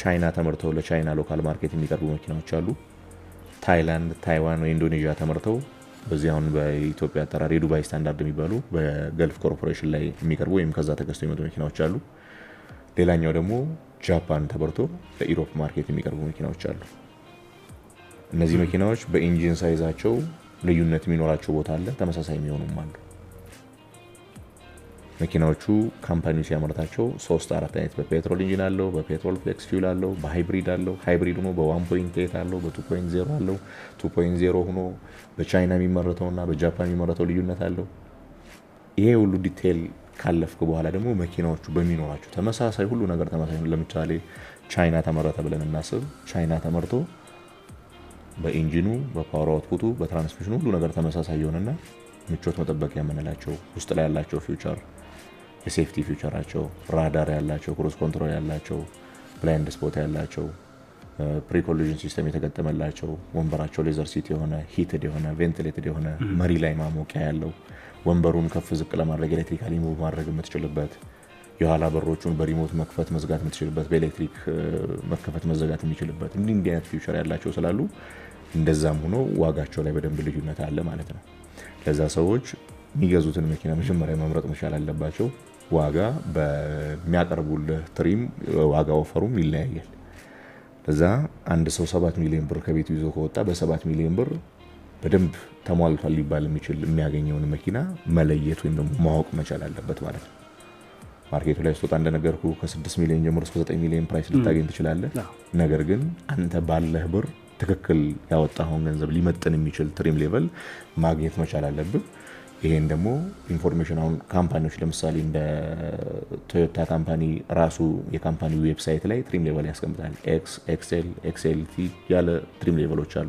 ቻይና ተመርተው ለቻይና ሎካል ማርኬት የሚቀርቡ መኪናዎች አሉ። ታይላንድ፣ ታይዋን ወይ ኢንዶኔዥያ ተመርተው በዚህ አሁን በኢትዮጵያ አጠራር የዱባይ ስታንዳርድ የሚባሉ በገልፍ ኮርፖሬሽን ላይ የሚቀርቡ ወይም ከዛ ተገዝተው የመጡ መኪናዎች አሉ። ሌላኛው ደግሞ ጃፓን ተበርቶ ለኢሮፕ ማርኬት የሚቀርቡ መኪናዎች አሉ። እነዚህ መኪናዎች በኢንጂን ሳይዛቸው ልዩነት የሚኖራቸው ቦታ አለ፣ ተመሳሳይ የሚሆኑም አሉ። መኪናዎቹ ካምፓኒው ሲያመርታቸው ሶስት አራት አይነት በፔትሮል ኢንጂን አለው፣ በፔትሮል ፍሌክስ ፊውል አለው፣ በሃይብሪድ አለው። ሃይብሪድ ሆኖ በ1.8 አለው፣ በ2.0 አለው። 2.0 ሆኖ በቻይና የሚመረተውና በጃፓን የሚመረተው ልዩነት አለው። ይሄ ሁሉ ዲቴይል ካለፍክ በኋላ ደግሞ መኪናዎቹ በሚኖራቸው ተመሳሳይ ሁሉ ነገር ተመሳሳይ፣ ለምሳሌ ቻይና ተመረተ ብለን እናስብ። ቻይና ተመርቶ በኢንጂኑ፣ በፓወር አውትፑቱ፣ በትራንስሚሽኑ ሁሉ ነገር ተመሳሳይ የሆነና ምቾት መጠበቂያ የምንላቸው ውስጥ ላይ ያላቸው ፊውቸር የሴፍቲ ፊውቸራቸው ራዳር ያላቸው፣ ክሩዝ ኮንትሮል ያላቸው፣ ብላይንድ ስፖት ያላቸው፣ ፕሪኮሊዥን ሲስተም የተገጠመላቸው፣ ወንበራቸው ሌዘር ሲት የሆነ ሂትድ የሆነ ቬንትሌትድ የሆነ መሪ ላይ ማሞቂያ ያለው፣ ወንበሩን ከፍ ዝቅ ለማድረግ ኤሌክትሪካሊ ሙ ማድረግ የምትችልበት፣ የኋላ በሮቹን በሪሞት መክፈት መዝጋት የምትችልበት፣ በኤሌክትሪክ መከፈት መዘጋት የሚችልበት እንዲህ እንዲህ አይነት ፊቸር ያላቸው ስላሉ እንደዛም ሆኖ ዋጋቸው ላይ በደንብ ልዩነት አለ ማለት ነው። ለዛ ሰዎች የሚገዙትን መኪና መጀመሪያ መምረጥ መቻል አለባቸው። ዋጋ በሚያቀርቡልህ ትሪም ዋጋ ወፈሩም ይለያያል። እዛ አንድ ሰው ሰባት ሚሊዮን ብር ከቤቱ ይዞ ከወጣ በሰባት ሚሊዮን ብር በደንብ ተሟልቷል ሊባል የሚችል የሚያገኘውን መኪና መለየት ወይም ደግሞ ማወቅ መቻል አለበት ማለት ነው። ማርኬቱ ላይ ስትወጣ እንደነገርኩ ከ6 ሚሊዮን ጀምሮ እስከ 9 ሚሊዮን ፕራይስ ልታገኝ ትችላለህ። ነገር ግን አንተ ባለህ ብር ትክክል ያወጣኸውን ገንዘብ ሊመጥን የሚችል ትሪም ሌቨል ማግኘት መቻል አለብህ። ይሄን ደግሞ ኢንፎርሜሽን አሁን ካምፓኒዎች ለምሳሌ እንደ ቶዮታ ካምፓኒ ራሱ የካምፓኒ ዌብሳይት ላይ ትሪም ሌቨል ያስቀምጣል። ኤክስ፣ ኤክስኤል፣ ኤክስኤልቲ ያለ ትሪም ሌቨሎች አሉ።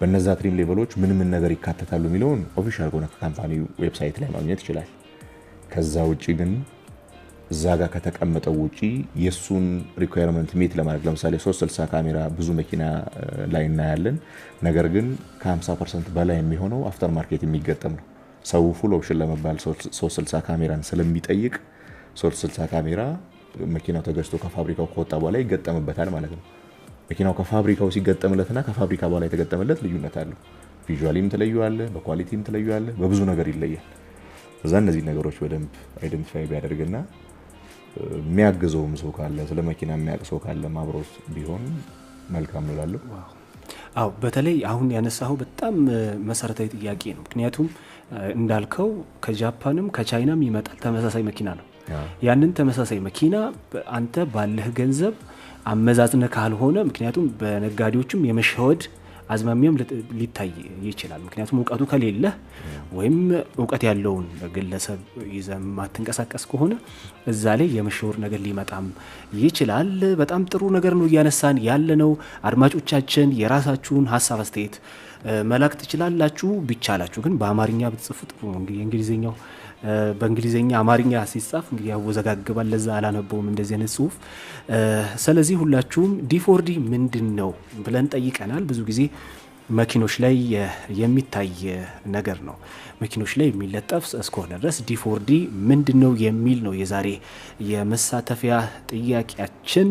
በነዛ ትሪም ሌቨሎች ምን ምን ነገር ይካተታሉ የሚለውን ኦፊሻል ከሆነ ከካምፓኒ ዌብሳይት ላይ ማግኘት ይችላል። ከዛ ውጭ ግን እዛ ጋር ከተቀመጠው ውጪ የእሱን ሪኳየርመንት ሚት ለማድረግ ለምሳሌ 360 ካሜራ ብዙ መኪና ላይ እናያለን። ነገር ግን ከ50 ፐርሰንት በላይ የሚሆነው አፍተር ማርኬት የሚገጠም ነው። ሰው ፉል ኦፕሽን ለመባል 360 ካሜራን ስለሚጠይቅ 360 ካሜራ መኪናው ተገዝቶ ከፋብሪካው ከወጣ በኋላ ይገጠምበታል ማለት ነው። መኪናው ከፋብሪካው ሲገጠምለትና ከፋብሪካ በኋላ የተገጠመለት ልዩነት አለው። ቪዥዋሊም ትለዩዋለ፣ በኳሊቲም ትለዩዋለ፣ በብዙ ነገር ይለያል። እዛ እነዚህ ነገሮች በደንብ አይደንቲፋይ ቢያደርግና የሚያግዘውም ሰው ካለ ስለ መኪና የሚያውቅ ሰው ካለ ማብሮት ቢሆን መልካም እንላለሁ። አዎ በተለይ አሁን ያነሳኸው በጣም መሰረታዊ ጥያቄ ነው። ምክንያቱም እንዳልከው ከጃፓንም ከቻይናም ይመጣል ተመሳሳይ መኪና ነው። ያንን ተመሳሳይ መኪና አንተ ባለህ ገንዘብ አመዛዝነ ካልሆነ ምክንያቱም በነጋዴዎችም የመሸወድ አዝማሚያም ሊታይ ይችላል። ምክንያቱም እውቀቱ ከሌለህ ወይም እውቀት ያለውን ግለሰብ ይዘ ማትንቀሳቀስ ከሆነ እዛ ላይ የመሸወር ነገር ሊመጣም ይችላል። በጣም ጥሩ ነገር ነው እያነሳን ያለነው አድማጮቻችን የራሳችሁን ሀሳብ አስተያየት መላክ ትችላላችሁ። ቢቻላችሁ ግን በአማርኛ ብትጽፉ ጥሩ ነው። እንግዲህ የእንግሊዝኛው በእንግሊዝኛ አማርኛ ሲጻፍ እንግዲህ ያወዘጋግባል። ለዛ አላነበውም እንደዚህ አይነት ጽሁፍ። ስለዚህ ሁላችሁም ዲፎርዲ ምንድን ነው ብለን ጠይቀናል። ብዙ ጊዜ መኪኖች ላይ የሚታይ ነገር ነው። መኪኖች ላይ የሚለጠፍ እስከሆነ ድረስ ዲፎርዲ ምንድን ነው የሚል ነው የዛሬ የመሳተፊያ ጥያቄያችን።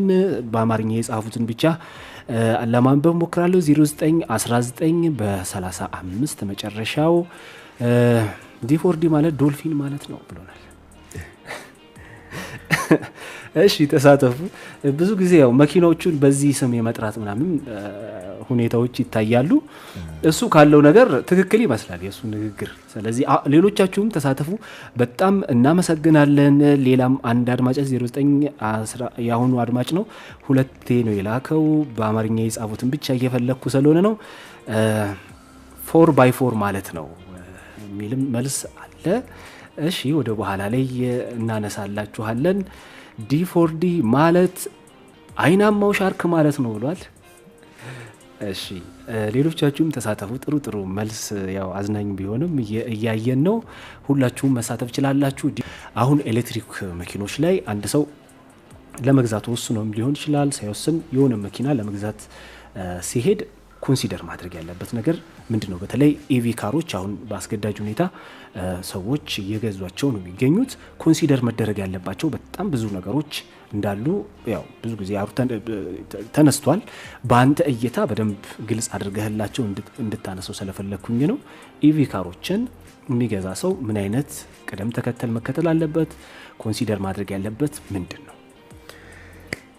በአማርኛ የጻፉትን ብቻ ለማንበብ ሞክራለሁ። 0919 በ35 መጨረሻው ዲፎርዲ ማለት ዶልፊን ማለት ነው ብሎናል። እሺ ተሳተፉ። ብዙ ጊዜ ያው መኪናዎቹን በዚህ ስም የመጥራት ምናምን ሁኔታዎች ይታያሉ። እሱ ካለው ነገር ትክክል ይመስላል የእሱ ንግግር። ስለዚህ ሌሎቻችሁም ተሳተፉ። በጣም እናመሰግናለን። ሌላም አንድ አድማጭ 09 የአሁኑ አድማጭ ነው፣ ሁለቴ ነው የላከው። በአማርኛ የጻፉትን ብቻ እየፈለግኩ ስለሆነ ነው። ፎር ባይ ፎር ማለት ነው የሚልም መልስ አለ። እሺ ወደ በኋላ ላይ እናነሳላችኋለን። ዲፎርዲ ማለት አይናማው ሻርክ ማለት ነው ብሏል። እሺ ሌሎቻችሁም ተሳተፉ። ጥሩ ጥሩ መልስ ያው አዝናኝ ቢሆንም እያየን ነው። ሁላችሁም መሳተፍ ችላላችሁ። አሁን ኤሌክትሪክ መኪኖች ላይ አንድ ሰው ለመግዛት ወስኖም ሊሆን ይችላል። ሳይወስን የሆነ መኪና ለመግዛት ሲሄድ ኮንሲደር ማድረግ ያለበት ነገር ምንድን ነው? በተለይ ኢቪ e ካሮች አሁን በአስገዳጅ ሁኔታ ሰዎች እየገዟቸው ነው የሚገኙት። ኮንሲደር መደረግ ያለባቸው በጣም ብዙ ነገሮች እንዳሉ ያው ብዙ ጊዜ ተነስቷል። በአንተ እይታ በደንብ ግልጽ አድርገህላቸው እንድታነሰው ስለፈለግኩኝ ነው። ኢቪ e ካሮችን የሚገዛ ሰው ምን አይነት ቅደም ተከተል መከተል አለበት? ኮንሲደር ማድረግ ያለበት ምንድን ነው?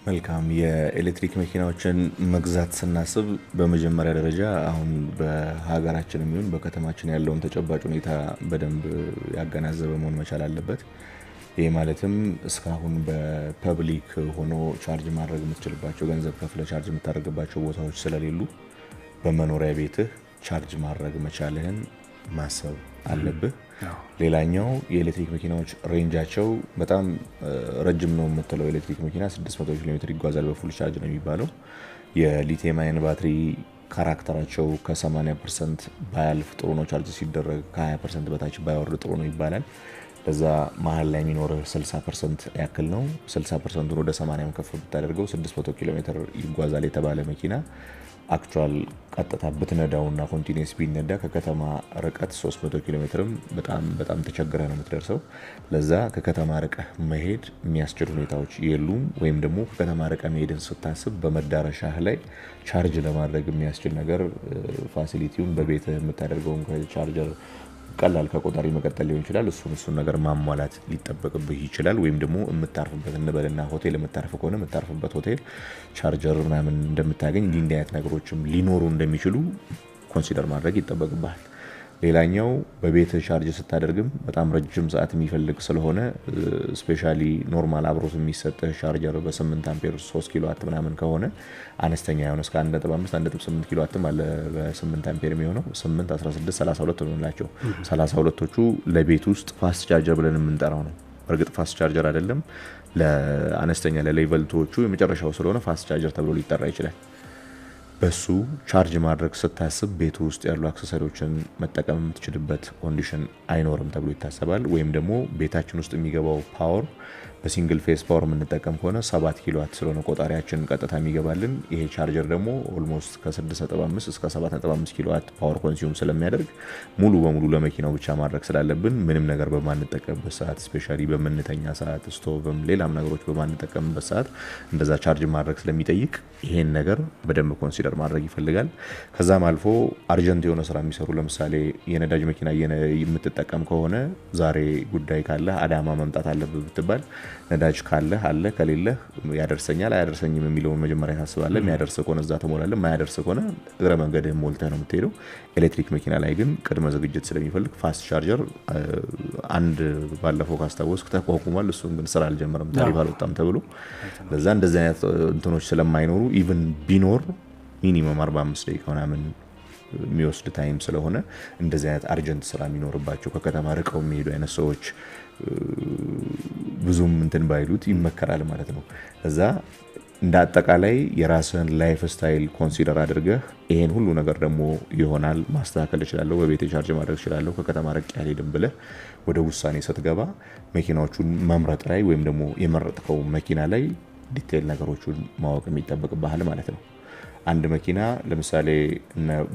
መልካም የኤሌክትሪክ መኪናዎችን መግዛት ስናስብ በመጀመሪያ ደረጃ አሁን በሀገራችን የሚሆን በከተማችን ያለውን ተጨባጭ ሁኔታ በደንብ ያገናዘበ መሆን መቻል አለበት። ይህ ማለትም እስካሁን በፐብሊክ ሆኖ ቻርጅ ማድረግ የምትችልባቸው ገንዘብ ከፍለ ቻርጅ የምታደርግባቸው ቦታዎች ስለሌሉ በመኖሪያ ቤትህ ቻርጅ ማድረግ መቻልህን ማሰብ አለብህ። ሌላኛው የኤሌክትሪክ መኪናዎች ሬንጃቸው በጣም ረጅም ነው የምትለው ኤሌክትሪክ መኪና 600 ኪሎ ሜትር ይጓዛል በፉል ቻርጅ ነው የሚባለው። የሊቲየም አየን ባትሪ ካራክተራቸው ከ80 ፐርሰንት ባያልፍ ጥሩ ነው፣ ቻርጅ ሲደረግ ከ20 ፐርሰንት በታች ባያወርድ ጥሩ ነው ይባላል። በዛ መሀል ላይ የሚኖር 60 ፐርሰንት ያክል ነው። 60 ፐርሰንቱን ወደ 80 ከፍ ብታደርገው 600 ኪሎ ሜትር ይጓዛል የተባለ መኪና አክቹዋል ቀጥታ ብትነዳውና ኮንቲኒስ ቢነዳ ከከተማ ርቀት 300 ኪሎ ሜትርም በጣም በጣም ተቸግረ ነው የምትደርሰው። ለዛ ከከተማ ርቀ መሄድ የሚያስችል ሁኔታዎች የሉም። ወይም ደግሞ ከከተማ ርቀ መሄድን ስታስብ በመዳረሻህ ላይ ቻርጅ ለማድረግ የሚያስችል ነገር ፋሲሊቲውን በቤት የምታደርገውን ቻርጀር ቀላል ከቆጣሪ መቀጠል ሊሆን ይችላል። እሱን እሱን ነገር ማሟላት ሊጠበቅብህ ይችላል። ወይም ደግሞ የምታርፍበት እንበልና ሆቴል የምታርፍ ከሆነ የምታርፍበት ሆቴል ቻርጀር ምናምን እንደምታገኝ ሊንዲ አይነት ነገሮችም ሊኖሩ እንደሚችሉ ኮንሲደር ማድረግ ይጠበቅብሃል። ሌላኛው በቤት ቻርጅ ስታደርግም በጣም ረጅም ሰዓት የሚፈልግ ስለሆነ ስፔሻሊ ኖርማል አብሮት የሚሰጥህ ቻርጀር በ8 አምፔር 3 ኪሎ ዋት ምናምን ከሆነ አነስተኛ የሆነ እስከ 1.5 ኪሎ ዋትም አለ በ8 አምፔር የሚሆነው 8 16 32 ሆንላቸው 32ቶቹ ለቤት ውስጥ ፋስት ቻርጀር ብለን የምንጠራው ነው። በእርግጥ ፋስት ቻርጀር አይደለም፣ ለአነስተኛ ለሌቨልቶቹ የመጨረሻው ስለሆነ ፋስት ቻርጀር ተብሎ ሊጠራ ይችላል። በሱ ቻርጅ ማድረግ ስታስብ ቤቱ ውስጥ ያሉ አክሰሰሪዎችን መጠቀም የምትችልበት ኮንዲሽን አይኖርም ተብሎ ይታሰባል። ወይም ደግሞ ቤታችን ውስጥ የሚገባው ፓወር በሲንግል ፌስ ፓወር የምንጠቀም ከሆነ 7 ኪሎዋት ስለሆነ ቆጣሪያችን ቀጥታ የሚገባልን ይሄ ቻርጀር ደግሞ ኦልሞስት ከ6.5 እስከ 7.5 ኪሎዋት ፓወር ኮንሱም ስለሚያደርግ ሙሉ በሙሉ ለመኪናው ብቻ ማድረግ ስላለብን ምንም ነገር በማንጠቀምበት ሰዓት ስፔሻሊ በምንተኛ ሰዓት ስቶቭም ሌላም ነገሮች በማንጠቀምበት ሰዓት እንደዛ ቻርጅ ማድረግ ስለሚጠይቅ ይሄን ነገር በደንብ ኮንሲደር ኮንሲደር ማድረግ ይፈልጋል። ከዛም አልፎ አርጀንት የሆነ ስራ የሚሰሩ ለምሳሌ የነዳጅ መኪና የምትጠቀም ከሆነ ዛሬ ጉዳይ ካለ አዳማ መምጣት አለብህ ብትባል ነዳጅ ካለ አለ ከሌለህ ያደርሰኛል አያደርሰኝም የሚለውን መጀመሪያ ታስባለህ። የሚያደርስ ከሆነ እዛ ትሞላለህ፣ ማያደርስ ከሆነ እግረ መንገድህን ሞልተህ ነው የምትሄደው። ኤሌክትሪክ መኪና ላይ ግን ቅድመ ዝግጅት ስለሚፈልግ ፋስት ቻርጀር አንድ ባለፈው ካስታወስክ ተቋቁሟል። እሱም ግን ስራ አልጀመረም፣ ታሪፍ አልወጣም ተብሎ ለዛ እንደዚህ አይነት እንትኖች ስለማይኖሩ ኢቭን ቢኖር ሚኒመም 45 ደቂቃ ምናምን የሚወስድ ታይም ስለሆነ እንደዚህ አይነት አርጀንት ስራ የሚኖርባቸው ከከተማ ርቀው የሚሄዱ አይነት ሰዎች ብዙም እንትን ባይሉት ይመከራል ማለት ነው። እዛ እንደ አጠቃላይ የራስህን ላይፍ ስታይል ኮንሲደር አድርገህ ይሄን ሁሉ ነገር ደግሞ ይሆናል ማስተካከል እችላለሁ፣ በቤት ቻርጅ ማድረግ እችላለሁ፣ ከከተማ ረቅ ያልሄድም ብለህ ወደ ውሳኔ ስትገባ መኪናዎቹን መምረጥ ላይ ወይም ደግሞ የመረጥከው መኪና ላይ ዲቴል ነገሮቹን ማወቅ ባህል ማለት ነው። አንድ መኪና ለምሳሌ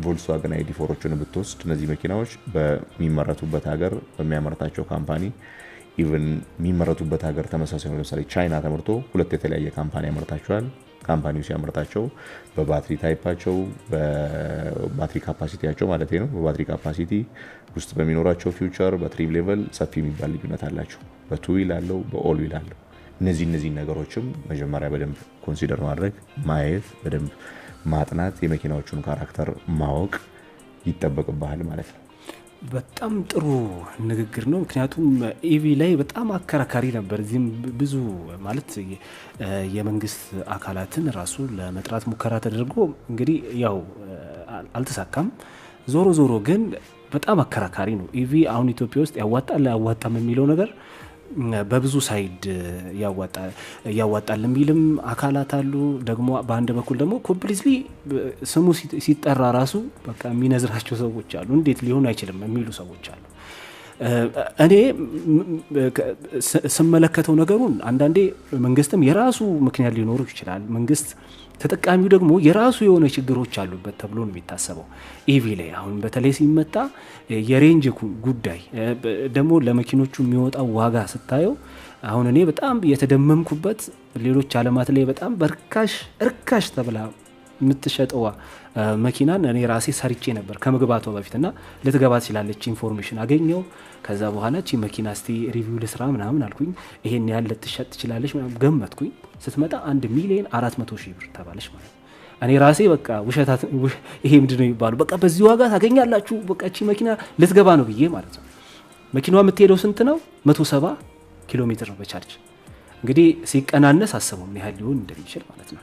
ቮልስዋገን አይዲ ፎሮችን ብትወስድ እነዚህ መኪናዎች በሚመረቱበት ሀገር በሚያመርታቸው ካምፓኒ ኢቨን የሚመረቱበት ሀገር ተመሳሳይ ነው። ለምሳሌ ቻይና ተመርቶ ሁለት የተለያየ ካምፓኒ ያመርታቸዋል። ካምፓኒው ሲያመርታቸው በባትሪ ታይፓቸው፣ በባትሪ ካፓሲቲያቸው ማለት ነው። በባትሪ ካፓሲቲ ውስጥ በሚኖራቸው ፊውቸር በትሪም ሌቨል ሰፊ የሚባል ልዩነት አላቸው። በቱ ዊል አለው፣ በኦል ዊል አለው። እነዚህ እነዚህ ነገሮችም መጀመሪያ በደንብ ኮንሲደር ማድረግ ማየት በደንብ ማጥናት፣ የመኪናዎቹን ካራክተር ማወቅ ይጠበቅብሃል ማለት ነው። በጣም ጥሩ ንግግር ነው። ምክንያቱም ኢቪ ላይ በጣም አከራካሪ ነበር። እዚህም ብዙ ማለት የመንግስት አካላትን ራሱ ለመጥራት ሙከራ ተደርጎ እንግዲህ ያው አልተሳካም። ዞሮ ዞሮ ግን በጣም አከራካሪ ነው። ኢቪ አሁን ኢትዮጵያ ውስጥ ያዋጣል አያዋጣም የሚለው ነገር በብዙ ሳይድ ያዋጣል የሚልም አካላት አሉ። ደግሞ በአንድ በኩል ደግሞ ኮምፕሊትሊ ስሙ ሲጠራ ራሱ በቃ የሚነዝራቸው ሰዎች አሉ። እንዴት ሊሆን አይችልም የሚሉ ሰዎች አሉ። እኔ ስመለከተው ነገሩን አንዳንዴ መንግስትም የራሱ ምክንያት ሊኖሩ ይችላል። መንግስት ተጠቃሚው ደግሞ የራሱ የሆነ ችግሮች አሉበት ተብሎ ነው የሚታሰበው። ኢቪ ላይ አሁን በተለይ ሲመጣ የሬንጅ ጉዳይ ደግሞ ለመኪኖቹ የሚወጣው ዋጋ ስታየው አሁን እኔ በጣም የተደመምኩበት ሌሎች አለማት ላይ በጣም በርካሽ እርካሽ ተብላ የምትሸጠዋ መኪናን እኔ ራሴ ሰርቼ ነበር ከመግባቷ በፊት እና ልትገባ ትችላለች ኢንፎርሜሽን አገኘው። ከዛ በኋላ ቺ መኪና ስቲ ሪቪው ልስራ ምናምን አልኩኝ። ይሄን ያህል ልትሸጥ ትችላለች ገመትኩኝ። ስትመጣ አንድ ሚሊዮን አራት መቶ ሺህ ብር ተባለች ማለት ነው። እኔ ራሴ በቃ ውሸታት ይሄ ምንድን ነው በቃ በዚህ ዋጋ ታገኛላችሁ፣ በቃ ቺ መኪና ልትገባ ነው ብዬ ማለት ነው። መኪናዋ የምትሄደው ስንት ነው? መቶ ሰባ ኪሎ ሜትር ነው በቻርጅ እንግዲህ ሲቀናነስ አስበው ያህል ሊሆን እንደሚችል ማለት ነው።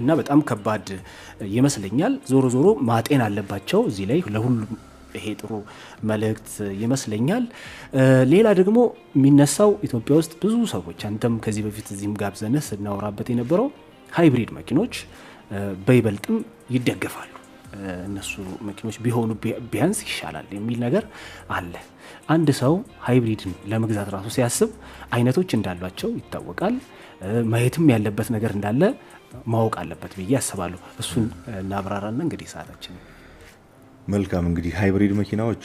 እና በጣም ከባድ ይመስለኛል። ዞሮ ዞሮ ማጤን አለባቸው እዚህ ላይ ለሁሉም ይሄ ጥሩ መልእክት ይመስለኛል። ሌላ ደግሞ የሚነሳው ኢትዮጵያ ውስጥ ብዙ ሰዎች አንተም ከዚህ በፊት እዚህም ጋብዘንህ ስናወራበት የነበረው ሃይብሪድ መኪኖች በይበልጥም ይደገፋሉ እነሱ መኪኖች ቢሆኑ ቢያንስ ይሻላል የሚል ነገር አለ። አንድ ሰው ሃይብሪድን ለመግዛት ራሱ ሲያስብ አይነቶች እንዳሏቸው ይታወቃል። ማየትም ያለበት ነገር እንዳለ ማወቅ አለበት ብዬ አስባለሁ። እሱን እናብራራና እንግዲህ ሰዓታችን መልካም። እንግዲህ ሃይብሪድ መኪናዎች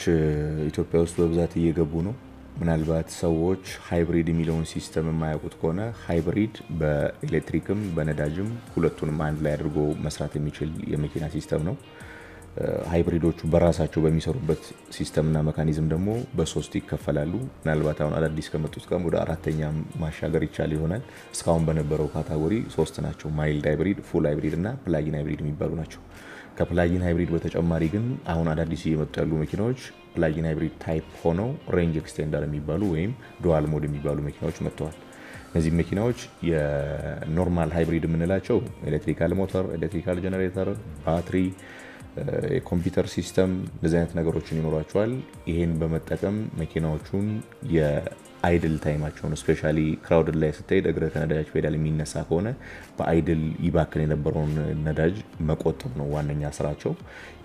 ኢትዮጵያ ውስጥ በብዛት እየገቡ ነው። ምናልባት ሰዎች ሃይብሪድ የሚለውን ሲስተም የማያውቁት ከሆነ ሃይብሪድ በኤሌክትሪክም በነዳጅም ሁለቱንም አንድ ላይ አድርጎ መስራት የሚችል የመኪና ሲስተም ነው። ሃይብሪዶቹ በራሳቸው በሚሰሩበት ሲስተምና መካኒዝም ደግሞ በሶስት ይከፈላሉ። ምናልባት አሁን አዳዲስ ከመጡት ጋር ወደ አራተኛ ማሻገር ይቻል ይሆናል። እስካሁን በነበረው ካታጎሪ ሶስት ናቸው፣ ማይልድ ሃይብሪድ፣ ፉል ሃይብሪድ እና ፕላጊን ሃይብሪድ የሚባሉ ናቸው። ከፕላጊን ሃይብሪድ በተጨማሪ ግን አሁን አዳዲስ እየመጡ ያሉ መኪናዎች ፕላጊን ሃይብሪድ ታይፕ ሆነው ሬንጅ ኤክስቴንደር የሚባሉ ወይም ዱዋል ሞድ የሚባሉ መኪናዎች መጥተዋል። እነዚህ መኪናዎች የኖርማል ሃይብሪድ የምንላቸው ኤሌክትሪካል ሞተር፣ ኤሌክትሪካል ጀኔሬተር፣ ባትሪ የኮምፒውተር ሲስተም እንደዚህ አይነት ነገሮችን ይኖሯቸዋል። ይሄን በመጠቀም መኪናዎቹን የአይድል ታይማቸውን እስፔሻሊ ክራውድ ላይ ስትሄድ እግረ ከነዳጅ ፔዳል የሚነሳ ከሆነ በአይድል ይባክን የነበረውን ነዳጅ መቆጠብ ነው ዋነኛ ስራቸው።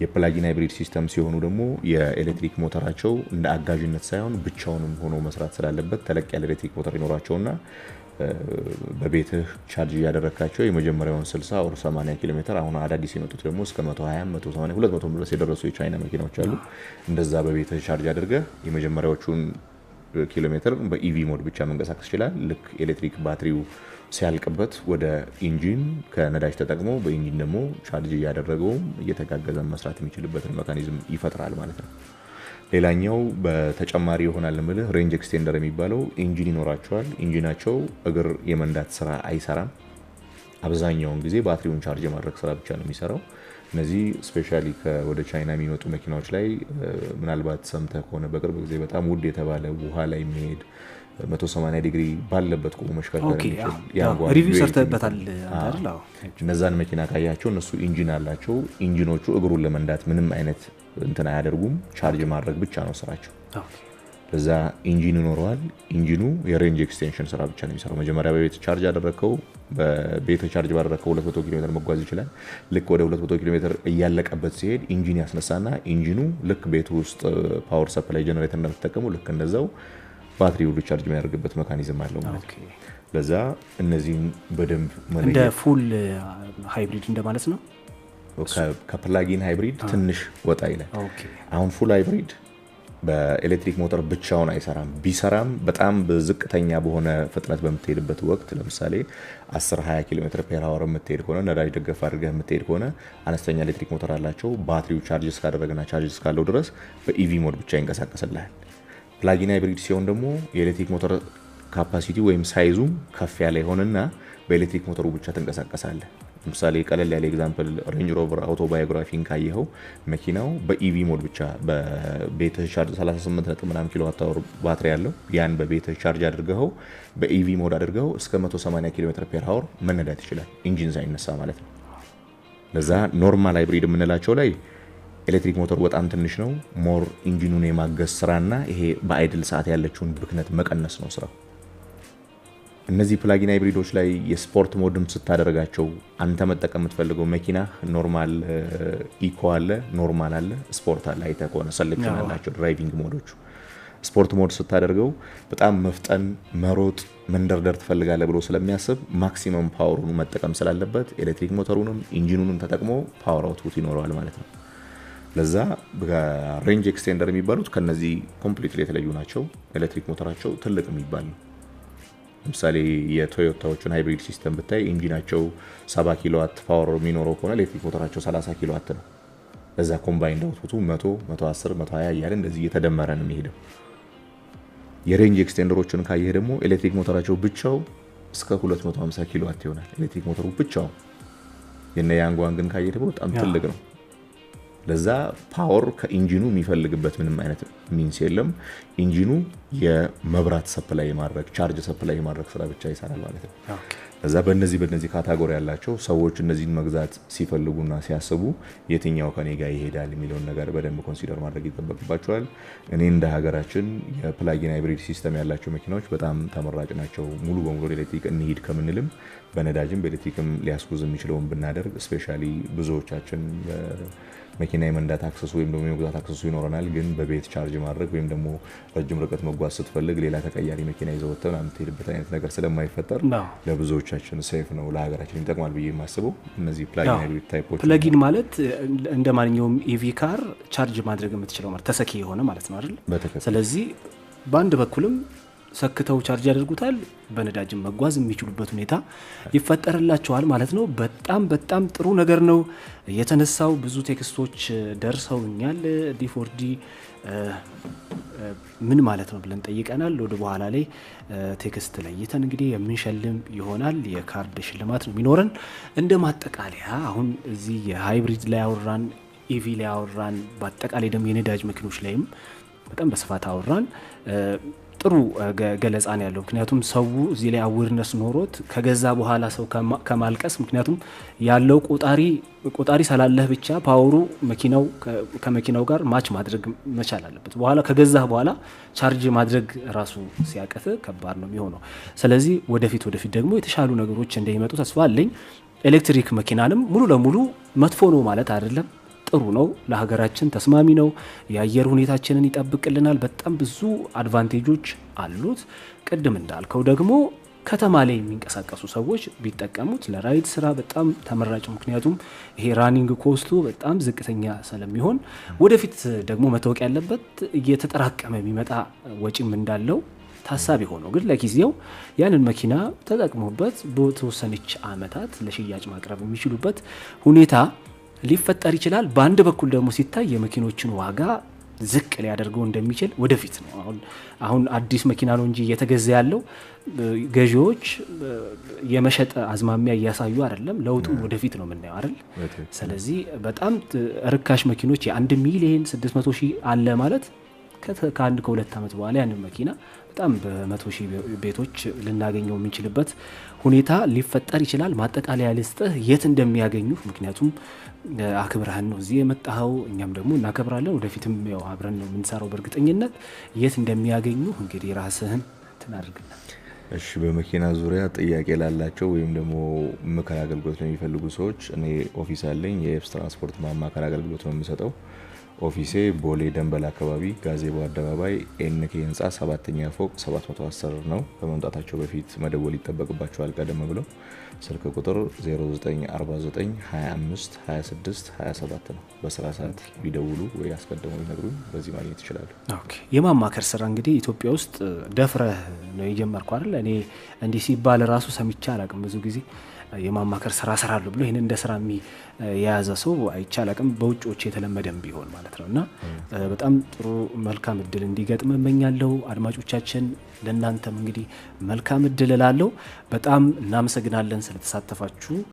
የፕላጊን ሃይብሪድ ሲስተም ሲሆኑ ደግሞ የኤሌክትሪክ ሞተራቸው እንደ አጋዥነት ሳይሆን ብቻውንም ሆኖ መስራት ስላለበት ተለቅ ያለ ኤሌክትሪክ ሞተር ይኖራቸውና በቤትህ ቻርጅ እያደረግካቸው የመጀመሪያውን 60 ወር 80 ኪሎ ሜትር አሁን አዳዲስ የመጡት ደግሞ እስከ 120 180 200 ድረስ የደረሱ የቻይና መኪናዎች አሉ። እንደዛ በቤትህ ቻርጅ አድርገህ የመጀመሪያዎቹን ኪሎ ሜትር በኢቪ ሞድ ብቻ መንቀሳቀስ ይችላል። ልክ ኤሌክትሪክ ባትሪው ሲያልቅበት ወደ ኢንጂን ከነዳጅ ተጠቅሞ በኢንጂን ደግሞ ቻርጅ እያደረገውም እየተጋገዘ መስራት የሚችልበትን መካኒዝም ይፈጥራል ማለት ነው። ሌላኛው በተጨማሪ ይሆናል ምልህ ሬንጅ ኤክስቴንደር የሚባለው ኢንጂን ይኖራቸዋል። ኢንጂናቸው እግር የመንዳት ስራ አይሰራም። አብዛኛውን ጊዜ ባትሪውን ቻርጅ የማድረግ ስራ ብቻ ነው የሚሰራው። እነዚህ ስፔሻሊ ወደ ቻይና የሚመጡ መኪናዎች ላይ ምናልባት ሰምተህ ከሆነ በቅርብ ጊዜ በጣም ውድ የተባለ ውሃ ላይ የሚሄድ 180 ዲግሪ ባለበት ቆሞ መሽከርከር ሪቪው ሰርተበታል። እነዛን መኪና ካያቸው እነሱ ኢንጂን አላቸው። ኢንጂኖቹ እግሩን ለመንዳት ምንም አይነት እንትን አያደርጉም። ቻርጅ ማድረግ ብቻ ነው ስራቸው። ለዛ ኢንጂን ይኖረዋል። ኢንጂኑ የሬንጅ ኤክስቴንሽን ስራ ብቻ ነው የሚሰራው። መጀመሪያ በቤት ቻርጅ አደረግከው፣ በቤት ቻርጅ ባደረግከው 200 ኪሎ ሜትር መጓዝ ይችላል። ልክ ወደ 200 ኪሎ ሜትር እያለቀበት ሲሄድ ኢንጂን ያስነሳና ኢንጂኑ ልክ ቤቱ ውስጥ ፓወር ሰፕላይ ጀነሬተር እንደምትጠቀሙ ልክ እንደዛው ባትሪ ሁሉ ቻርጅ የሚያደርግበት መካኒዝም አለው ማለት ነው። ለዛ እነዚህም በደንብ እንደ ፉል ሃይብሪድ uh, እንደማለት ነው። ከፕላጊን ሃይብሪድ ትንሽ ወጣ ይላል። አሁን ፉል ሃይብሪድ በኤሌክትሪክ ሞተር ብቻውን አይሰራም። ቢሰራም በጣም ዝቅተኛ በሆነ ፍጥነት በምትሄድበት ወቅት ለምሳሌ 1020 ኪሎ ሜትር ፔር አወር የምትሄድ ከሆነ ነዳጅ ደገፍ አድርገህ የምትሄድ ከሆነ አነስተኛ ኤሌክትሪክ ሞተር አላቸው። ባትሪው ቻርጅ እስካደረገና ቻርጅ እስካለው ድረስ በኢቪ ሞድ ብቻ ይንቀሳቀስልሃል። ፕላጊን ሃይብሪድ ሲሆን ደግሞ የኤሌክትሪክ ሞተር ካፓሲቲ ወይም ሳይዙም ከፍ ያለ የሆነና በኤሌክትሪክ ሞተሩ ብቻ ትንቀሳቀሳለ። ለምሳሌ ቀለል ያለ ኤግዛምፕል ሬንጅ ሮቨር አውቶባዮግራፊን ካየኸው መኪናው በኢቪ ሞድ ብቻ በቤተ ቻርጅ 38 ነጥብ ምናምን ኪሎ ዋት ባትሪ ያለው ያን በቤተ ቻርጅ አድርገኸው በኢቪ ሞድ አድርገኸው እስከ 180 ኪሎ ሜትር ፔር አወር መነዳት ይችላል፣ ኢንጂን ሳይነሳ ማለት ነው። ለዛ ኖርማል ሃይብሪድ የምንላቸው ላይ ኤሌክትሪክ ሞተሩ በጣም ትንሽ ነው። ሞር ኢንጂኑን የማገዝ ስራና ይሄ በአይድል ሰዓት ያለችውን ብክነት መቀነስ ነው ስራው። እነዚህ ፕላጊን ሃይብሪዶች ላይ የስፖርት ሞድም ስታደርጋቸው አንተ መጠቀም የምትፈልገው መኪና ኖርማል ኢኮ አለ፣ ኖርማል አለ፣ ስፖርት አለ። አይተህ ከሆነ ሰሌክሽን አላቸው ድራይቪንግ ሞዶቹ። ስፖርት ሞድ ስታደርገው በጣም መፍጠን፣ መሮጥ፣ መንደርደር ትፈልጋለህ ብሎ ስለሚያስብ ማክሲመም ፓወሩን መጠቀም ስላለበት ኤሌክትሪክ ሞተሩንም ኢንጂኑንም ተጠቅሞ ፓወር አውትፑት ይኖረዋል ማለት ነው። ለዛ ሬንጅ ኤክስቴንደር የሚባሉት ከነዚህ ኮምፕሊት የተለዩ ናቸው። ኤሌክትሪክ ሞተራቸው ትልቅ የሚባል ነው። ለምሳሌ የቶዮታዎቹን ሃይብሪድ ሲስተም ብታይ ኢንጂናቸው 70 ኪሎዋት ፓወር የሚኖረው ከሆነ ኤሌክትሪክ ሞተራቸው 30 ኪሎዋት ነው። እዛ ኮምባይንድ አውትፑቱ 100፣ 110፣ 120 እያለ እንደዚህ እየተደመረ ነው የሚሄደው። የሬንጅ ኤክስቴንደሮቹን ካየህ ደግሞ ኤሌክትሪክ ሞተራቸው ብቻው እስከ 250 ኪሎዋት ይሆናል። ኤሌክትሪክ ሞተሩ ብቻው የነ ያንጓን ግን ካየህ ደግሞ በጣም ትልቅ ነው። ለዛ ፓወር ከኢንጂኑ የሚፈልግበት ምንም አይነት ሚንስ የለም። ኢንጂኑ የመብራት ሰፕላይ የማድረግ ቻርጅ ሰፕላይ የማድረግ ስራ ብቻ ይሰራል ማለት ነው። ለዛ በእነዚህ በእነዚህ ካታጎሪ ያላቸው ሰዎች እነዚህን መግዛት ሲፈልጉና ሲያስቡ የትኛው ከኔ ጋር ይሄዳል የሚለውን ነገር በደንብ ኮንሲደር ማድረግ ይጠበቅባቸዋል። እኔ እንደ ሀገራችን የፕላጊን ሃይብሪድ ሲስተም ያላቸው መኪናዎች በጣም ተመራጭ ናቸው። ሙሉ በሙሉ ኤሌክትሪክ እንሂድ ከምንልም በነዳጅም በኤሌክትሪክም ሊያስጉዝ የሚችለውን ብናደርግ ስፔሻሊ ብዙዎቻችን መኪና የመንዳት አክሰሱ ወይም ደግሞ የመግዛት አክሰሱ ይኖረናል። ግን በቤት ቻርጅ ማድረግ ወይም ደግሞ ረጅም ርቀት መጓዝ ስትፈልግ ሌላ ተቀያሪ መኪና ይዘወተን የምትሄድበት አይነት ነገር ስለማይፈጠር ለብዙዎቻችን ሴፍ ነው፣ ለሀገራችን ይጠቅማል ብዬ የማስበው እነዚህ ፕላጊን ሃይብሪድ ታይፖች። ፕላጊን ማለት እንደ ማንኛውም ኢቪ ካር ቻርጅ ማድረግ የምትችለው ተሰኪ የሆነ ማለት ነው አይደል? ስለዚህ በአንድ በኩልም ሰክተው ቻርጅ ያደርጉታል። በነዳጅ መጓዝ የሚችሉበት ሁኔታ ይፈጠርላቸዋል ማለት ነው። በጣም በጣም ጥሩ ነገር ነው የተነሳው። ብዙ ቴክስቶች ደርሰውኛል። ዲፎርዲ ምን ማለት ነው ብለን ጠይቀናል። ወደ በኋላ ላይ ቴክስት ለይተን እንግዲህ የምንሸልም ይሆናል። የካርድ ሽልማት ነው የሚኖረን። እንደ ማጠቃለያ አሁን እዚህ የሃይብሪድ ላይ አወራን፣ ኢቪ ላይ አወራን፣ በአጠቃላይ ደግሞ የነዳጅ መኪኖች ላይም በጣም በስፋት አወራን። ጥሩ ገለጻ ነው ያለው። ምክንያቱም ሰው እዚህ ላይ አዌርነስ ኖሮት ከገዛ በኋላ ሰው ከማልቀስ ምክንያቱም ያለው ቆጣሪ ቆጣሪ ስላለህ ብቻ ፓወሩ መኪናው ከመኪናው ጋር ማች ማድረግ መቻል አለበት። በኋላ ከገዛህ በኋላ ቻርጅ ማድረግ ራሱ ሲያቀፍ ከባድ ነው የሚሆነው። ስለዚህ ወደፊት ወደፊት ደግሞ የተሻሉ ነገሮች እንደሚመጡ ተስፋ አለኝ። ኤሌክትሪክ መኪናንም ሙሉ ለሙሉ መጥፎ ነው ማለት አይደለም። ጥሩ ነው፣ ለሀገራችን ተስማሚ ነው፣ የአየር ሁኔታችንን ይጠብቅልናል። በጣም ብዙ አድቫንቴጆች አሉት። ቅድም እንዳልከው ደግሞ ከተማ ላይ የሚንቀሳቀሱ ሰዎች ቢጠቀሙት ለራይድ ስራ በጣም ተመራጭ፣ ምክንያቱም ይሄ ራኒንግ ኮስቱ በጣም ዝቅተኛ ስለሚሆን፣ ወደፊት ደግሞ መታወቅ ያለበት እየተጠራቀመ የሚመጣ ወጪም እንዳለው ታሳቢ ሆኖ ግን ለጊዜው ያንን መኪና ተጠቅሞበት በተወሰነች አመታት ለሽያጭ ማቅረብ የሚችሉበት ሁኔታ ሊፈጠር ይችላል። በአንድ በኩል ደግሞ ሲታይ የመኪኖችን ዋጋ ዝቅ ሊያደርገው እንደሚችል ወደፊት ነው። አሁን አዲስ መኪና ነው እንጂ እየተገዛ ያለው ገዢዎች የመሸጥ አዝማሚያ እያሳዩ አይደለም። ለውጡ ወደፊት ነው የምናየው አይደል? ስለዚህ በጣም ርካሽ መኪኖች የአንድ ሚሊየን ስድስት መቶ ሺህ አለ ማለት ከአንድ ከሁለት ዓመት በኋላ ያንን መኪና በጣም በመቶ ሺህ ቤቶች ልናገኘው የምንችልበት ሁኔታ ሊፈጠር ይችላል። ማጠቃለያ ልስጥህ የት እንደሚያገኙ ምክንያቱም አክብረህን ነው እዚህ የመጣኸው፣ እኛም ደግሞ እናከብራለን። ወደፊትም ያው አብረን ነው የምንሰራው በእርግጠኝነት። የት እንደሚያገኙ እንግዲህ ራስህን ትናደርግና እሺ። በመኪና ዙሪያ ጥያቄ ላላቸው ወይም ደግሞ ምክር አገልግሎት ለሚፈልጉ ሰዎች እኔ ኦፊስ አለኝ። የኤፕስ ትራንስፖርት ማማከር አገልግሎት ነው የምሰጠው። ኦፊሴ ቦሌ ደንበል አካባቢ ጋዜቦ አደባባይ ኤንኬ ህንፃ ሰባተኛ ፎቅ 710 ነው። ከመምጣታቸው በፊት መደወል ይጠበቅባቸዋል። ቀደም ብለው ስልክ ቁጥር 0949252627 ነው። በስራ ሰዓት ቢደውሉ ወይ አስቀድመው ቢነግሩኝ በዚህ ማግኘት ይችላሉ። የማማከር ስራ እንግዲህ ኢትዮጵያ ውስጥ ደፍረህ ነው የጀመርኩ አይደል? እኔ እንዲህ ሲባል ራሱ ሰምቼ አላቅም ብዙ ጊዜ የማማከር ስራ እሰራለሁ ብሎ ይህን እንደ ስራ የያዘ ሰው አይቻል አቅም በውጭዎች የተለመደም ቢሆን ማለት ነው እና በጣም ጥሩ መልካም እድል እንዲገጥም እመኛለሁ። አድማጮቻችን ለእናንተም እንግዲህ መልካም እድል ላለው በጣም እናመሰግናለን ስለተሳተፋችሁ።